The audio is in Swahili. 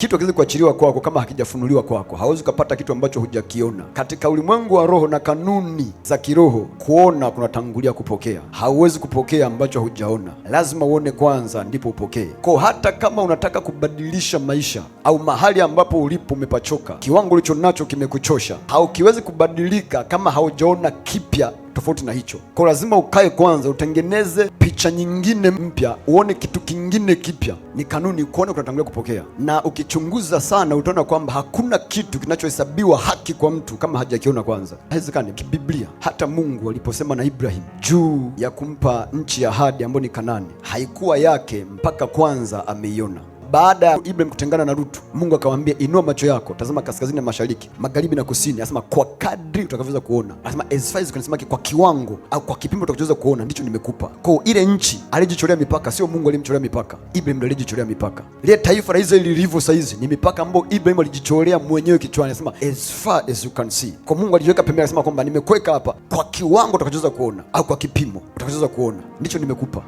Kitu hakiwezi kuachiliwa kwako kama hakijafunuliwa kwako. Hawezi ukapata kitu ambacho hujakiona katika ulimwengu wa roho na kanuni za kiroho. Kuona kunatangulia kupokea. Hauwezi kupokea ambacho hujaona, lazima uone kwanza ndipo upokee. Kwa hata kama unataka kubadilisha maisha au mahali ambapo ulipo umepachoka, kiwango ulicho nacho kimekuchosha, haukiwezi kubadilika kama haujaona kipya tofauti na hicho. Kwa lazima ukae kwanza, utengeneze picha nyingine mpya, uone kitu kingine kipya. Ni kanuni kuona kunatangulia kupokea, na ukichunguza sana utaona kwamba hakuna kitu kinachohesabiwa haki kwa mtu kama hajakiona kwanza. Haiwezekani kibiblia. Hata Mungu aliposema na Ibrahim juu ya kumpa nchi ya ahadi ambayo ni kanani haikuwa yake mpaka kwanza ameiona baada ya Ibrahim kutengana na Lutu, Mungu akamwambia inua macho yako, tazama kaskazini na mashariki, magharibi na kusini, anasema kwa kadri utakavyoweza kuona, anasema as far as see, kwa kiwango au kwa kipimo utakachoweza kuona ndicho nimekupa. Kwa ile nchi alijichorea mipaka, sio Mungu alimchorea mipaka, Ibrahim ndiye alijichorea mipaka. Ile taifa la Israeli lilivyo sasa hizi ni mipaka ambayo Ibrahim alijichorea mwenyewe kichwani, anasema as far as you can see. Kwa Mungu alijiweka pembeni, anasema kwamba nimekuweka hapa kwa kiwango utakachoweza kuona au kwa kipimo utakachoweza kuona ndicho nimekupa.